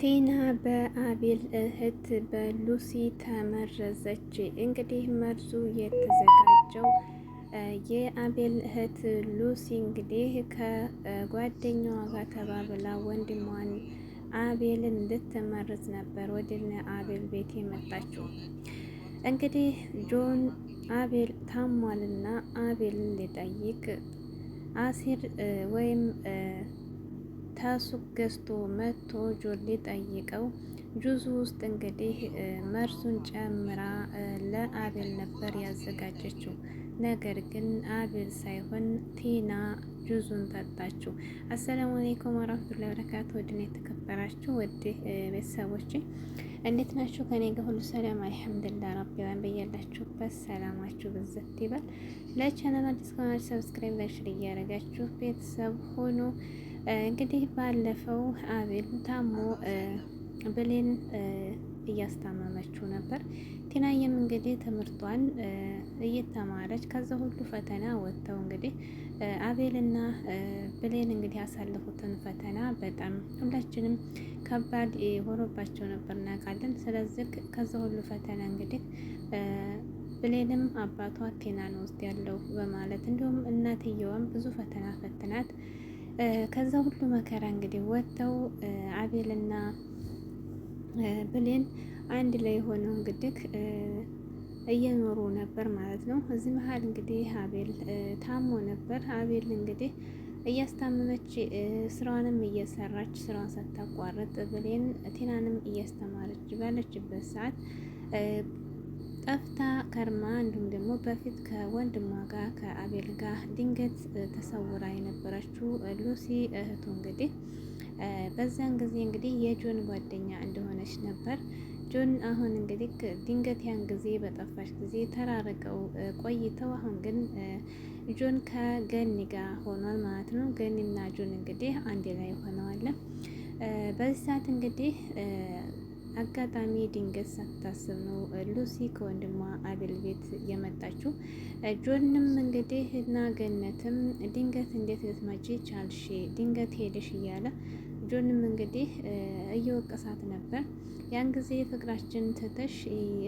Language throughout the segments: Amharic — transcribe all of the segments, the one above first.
ቲና በአቤል እህት በሉሲ ተመረዘች። እንግዲህ መርዙ የተዘጋጀው የአቤል እህት ሉሲ እንግዲህ ከጓደኛዋ ጋር ተባብላ ወንድሟን አቤልን ልትመርዝ ነበር ወደ አቤል ቤት የመጣችው። እንግዲህ ጆን አቤል ታሟልና አቤልን ሊጠይቅ አሲር ወይም ታሱቅ ገዝቶ መጥቶ ጆሌ ጠይቀው ጁዙ ውስጥ እንግዲህ መርዙን ጨምራ ለአቤል ነበር ያዘጋጀችው። ነገር ግን አቤል ሳይሆን ቲና ጁዙን ጠጣችው። አሰላሙ አለይኩም ወራህመቱላሂ ወበረካቱ። ወድን የተከበራችሁ ወድ ቤተሰቦች እንዴት ናችሁ? ከኔ ጋር ሁሉ ሰላም አልሐምዱሊላህ ረቢል ዓለሚን። በያላችሁበት ሰላማችሁ ብዝት ይበል። ለቻናል አዲስ ከሆናችሁ ሰብስክራይብ፣ ላይክ፣ ሼር እያደረጋችሁ ቤተሰብ ሆኖ እንግዲህ ባለፈው አቤል ታሞ ብሌን እያስታመመችው ነበር። ቲናየም እንግዲህ ትምህርቷን እየተማረች ከዛ ሁሉ ፈተና ወጥተው እንግዲህ አቤልና ብሌን እንግዲህ ያሳለፉትን ፈተና በጣም ሁላችንም ከባድ ሆኖባቸው ነበር እናውቃለን። ስለዚህ ከዛ ሁሉ ፈተና እንግዲህ ብሌንም አባቷ ቴናን ውስጥ ያለው በማለት እንዲሁም እናትየዋም ብዙ ፈተና ፈትናት ከዛ ሁሉ መከራ እንግዲህ ወጥተው አቤልና ብሌን አንድ ላይ የሆነው እንግዲህ እየኖሩ ነበር ማለት ነው። እዚህ መሀል እንግዲህ አቤል ታሞ ነበር። አቤል እንግዲህ እያስታመመች ስራዋንም እየሰራች ስራዋን ሳታቋረጥ ብሌን ቴናንም እያስተማረች ባለችበት ሰዓት ጠፍታ ከርማ እንዲሁም ደግሞ በፊት ከወንድሟ ጋር ከአቤል ጋር ድንገት ተሰውራ የነበረችው ሉሲ እህቱ እንግዲህ በዛን ጊዜ እንግዲህ የጆን ጓደኛ እንደሆነች ነበር። ጆን አሁን እንግዲህ ድንገት ያን ጊዜ በጠፋች ጊዜ ተራርቀው ቆይተው አሁን ግን ጆን ከገኒ ጋር ሆኗል ማለት ነው። ገኒና ጆን እንግዲህ አንድ ላይ ሆነዋል። በዚህ ሰዓት እንግዲህ አጋጣሚ ድንገት ሳታስብ ነው ሉሲ ከወንድሟ አቤል ቤት የመጣችው። ጆንም እንግዲህ እና ገነትም ድንገት እንዴት ልትመጪ ቻልሽ? ድንገት ሄደሽ እያለ ጆንም እንግዲህ እየወቀሳት ነበር። ያን ጊዜ ፍቅራችን ትተሽ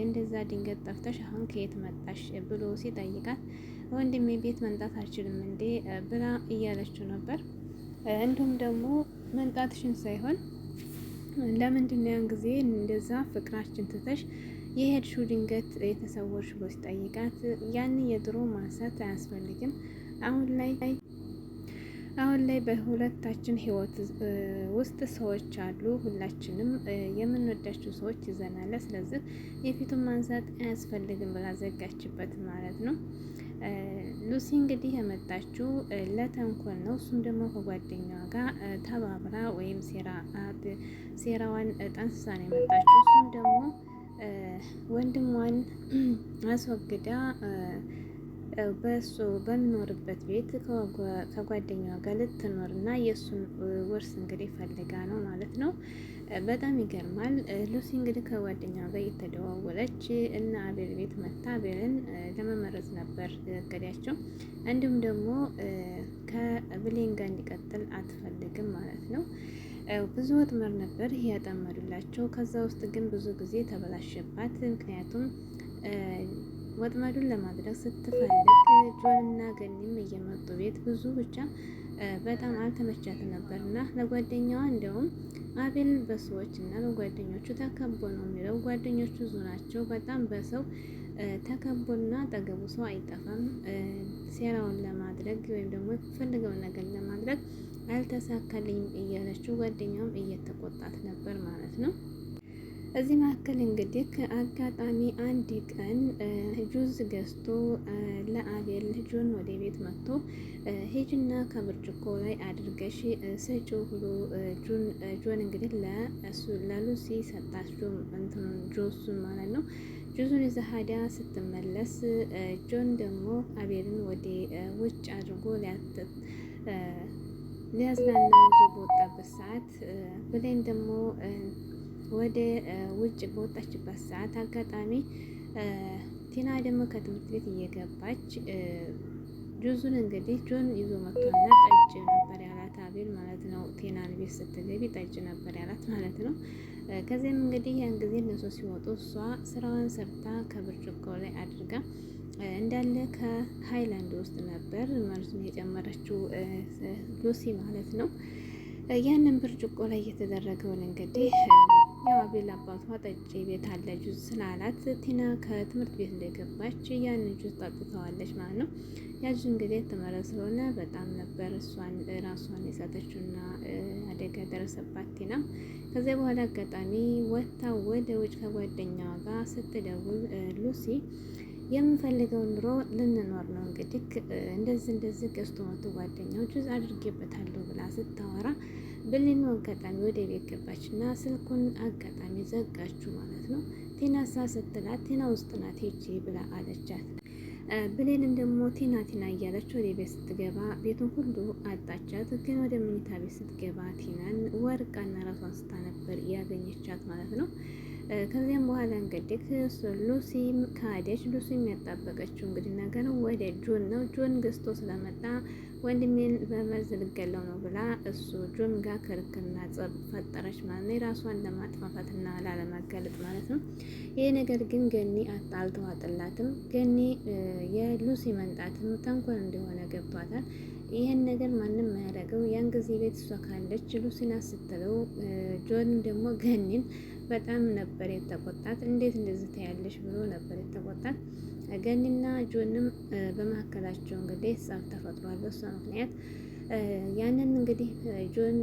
እንደዛ ድንገት ጠፍተሽ አሁን ከየት መጣሽ ብሎ ሲጠይቃት ወንድሜ ቤት መምጣት አልችልም እንዴ ብላ እያለችው ነበር። እንዲሁም ደግሞ መምጣትሽን ሳይሆን ለምንድን ነው ያን ጊዜ እንደዛ ፍቅራችን ትተሽ የሄድሽው ድንገት የተሰወርሽ ብሎ ሲጠይቃት ያን የድሮ ማንሳት አያስፈልግም አሁን ላይ አሁን ላይ በሁለታችን ህይወት ውስጥ ሰዎች አሉ። ሁላችንም የምንወዳቸው ሰዎች ይዘናለ። ስለዚህ የፊቱን ማንሳት አያስፈልግም ብላ ዘጋችበት ማለት ነው። ሉሲ እንግዲህ የመጣችው ለተንኮል ነው። እሱም ደግሞ ከጓደኛዋ ጋር ተባብራ ወይም ሴራዋን ጠንስሳ ነው የመጣችው። እሱም ደግሞ ወንድሟን አስወግዳ በእሱ በሚኖርበት ቤት ከጓደኛዋ ጋር ልትኖር እና የእሱን ውርስ እንግዲህ ፈልጋ ነው ማለት ነው። በጣም ይገርማል። ሉሲ እንግዲህ ከጓደኛዋ ጋር እየተደዋወለች እና አቤል ቤት መታ አቤልን ለመመረዝ ነበር እቅዳቸው። እንዲሁም ደግሞ ከብሌን ጋር እንዲቀጥል አትፈልግም ማለት ነው። ብዙ ወጥመር ነበር ያጠመዱላቸው። ከዛ ውስጥ ግን ብዙ ጊዜ ተበላሸባት። ምክንያቱም ወጥመዱን ለማድረግ ስትፈልግ ጆንና ገኒም እየመጡ ቤት ብዙ ብቻ በጣም አልተመቻት ነበር እና ለጓደኛዋ እንደውም አቤል በሰዎች እና በጓደኞቹ ተከቦ ነው የሚለው። ጓደኞቹ ዙናቸው በጣም በሰው ተከቦና አጠገቡ ሰው አይጠፋም። ሴራውን ለማድረግ ወይም ደግሞ የፈልገውን ነገር ለማድረግ አልተሳካልኝም እያለችው ጓደኛውም እየተቆጣት ነበር ማለት ነው። እዚህ መካከል እንግዲህ ከአጋጣሚ አንድ ቀን ጁዝ ገዝቶ ለአቤል ጁን ወደ ቤት መጥቶ ሂጅና ከብርጭቆ ላይ አድርገሽ ስጪው ብሎ ጆን እንግዲህ ለሉሲ ሰጣችው ጁሱን ማለት ነው። ጁዙን ይዛ ስትመለስ ጆን ደግሞ አቤልን ወደ ውጭ አድርጎ ሊያትት ሊያዝናናው ወጣበት ሰዓት ብሌን ደግሞ ወደ ውጭ በወጣችበት ሰዓት አጋጣሚ ቲና ደግሞ ከትምህርት ቤት እየገባች ጁዙን እንግዲህ ጆን ይዞ መጥቷና ጠጅ ነበር ያላት አቤል ማለት ነው። ቴናን ቤት ስትገቢ ጠጅ ነበር ያላት ማለት ነው። ከዚህም እንግዲህ ያን ጊዜ እነሱ ሲወጡ እሷ ስራዋን ሰርታ ከብርጭቆ ላይ አድርጋ እንዳለ ከሃይላንድ ውስጥ ነበር ማለት ነው የጨመረችው ሉሲ ማለት ነው። ያንን ብርጭቆ ላይ እየተደረገውን እንግዲህ የአቤል አባቷ ጠጪ ቤት አለ ጁስ ስላላት ቲና ከትምህርት ቤት እንደገባች ያንን ጁስ ጠጥተዋለች ማለት ነው። ያጁስ እንግዲህ ትመረ ስለሆነ በጣም ነበር እሷን ራሷን የሳተችውና አደጋ ደረሰባት ቲና። ከዚያ በኋላ አጋጣሚ ወታ ወደ ውጭ ከጓደኛዋ ጋር ስትደውል ሉሲ የምንፈልገው ኑሮ ልንኖር ነው እንግዲህ እንደዚህ እንደዚህ ገዝቶ መቶ ጓደኛው ጁስ አድርጌበታለሁ ብላ ስታወራ ብሌኖ አጋጣሚ ወደ ቤት ገባች እና ስልኩን አጋጣሚ ዘጋችሁ ማለት ነው። ቴና ሳ ስትላት ቴና ውስጥ ናት ሂጂ ብላ አለቻት። ብሌንም ደግሞ ቴና ቴና እያለች ወደ ቤት ስትገባ ቤቱን ሁሉ አጣቻት። ግን ወደ መኝታ ቤት ስትገባ ቴናን ወርቃና ራሷን ስታ ነበር ያገኘቻት ማለት ነው። ከዚያም በኋላ እንግዲህ ሉሲ ካደች። ሉሲ የሚያጣበቀችው እንግዲህ ነገር ወደ ጆን ነው። ጆን ገዝቶ ስለመጣ ወንድሜን በመርዝ ልገለው ነው ብላ እሱ ጆን ጋር ክርክርና ጸብ ፈጠረች ማለት ነው። የራሷን ለማጥፋፋትና ላለማጋለጥ ማለት ነው። ይህ ነገር ግን ገኒ አልተዋጥላትም። ገኒ የሉሲ መንጣትም ተንኮል እንደሆነ ገብቷታል። ይህን ነገር ማንም አያደርገው። ያን ጊዜ ቤት እሷ ካለች ሉሲና ስትለው ጆን ደግሞ ገኒን በጣም ነበር የተቆጣት። እንዴት እንደዚህ ታያለሽ ብሎ ነበር የተቆጣት። ገኒና ጆንም በመካከላቸው እንግዲህ ጸብ ተፈጥሯል። በሷ ምክንያት ያንን እንግዲህ ጆን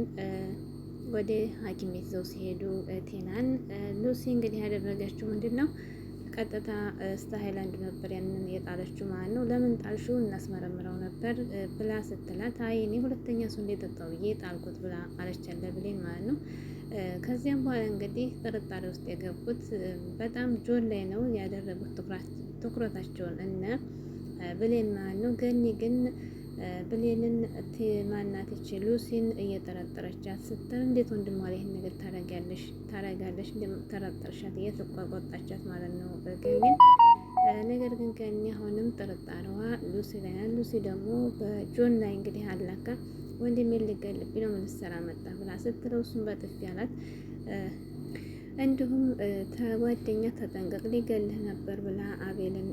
ወደ ሐኪም ቤት ይዘው ሲሄዱ ቴናን ሉሲ እንግዲህ ያደረገችው ምንድን ነው? ቀጥታ እስተ ሀይላንድ ነበር ያንን የጣለችው ማለት ነው። ለምን ጣልሽው? እናስመረምረው ነበር ብላ ስትላት አይ እኔ ሁለተኛ ሰው እንደጠጣው ብዬ ጣልኩት ብላ አለች ያለ ብሌን ማለት ነው። ከዚያም በኋላ እንግዲህ ጥርጣሬ ውስጥ የገቡት በጣም ጆን ላይ ነው ያደረጉት ትኩራት ትኩረታቸውን እነ ብሌን ማለት ነው። ገኒ ግን ብሌንን ማናት ማናትች ሉሲን እየጠረጠረቻት ስትል እንዴት ወንድሟ ላይ ይህን ነገር ታረጋለሽ ታረጋለሽ ጠረጠርሻት እየተቆጣቻት ማለት ነው ገኒን ነገር ግን ከእኔ አሁንም ጥርጣሬዋ ሉሲ ላይ ናት። ሉሲ ደግሞ በጆን ላይ እንግዲህ አላካ ወንድሜ ልገልብኝ ነው ምን ልትሰራ መጣ ብላ ስትለው እሱን በጥፊ አላት። እንዲሁም ተጓደኛ ተጠንቀቅ ሊገልህ ነበር ብላ አቤልን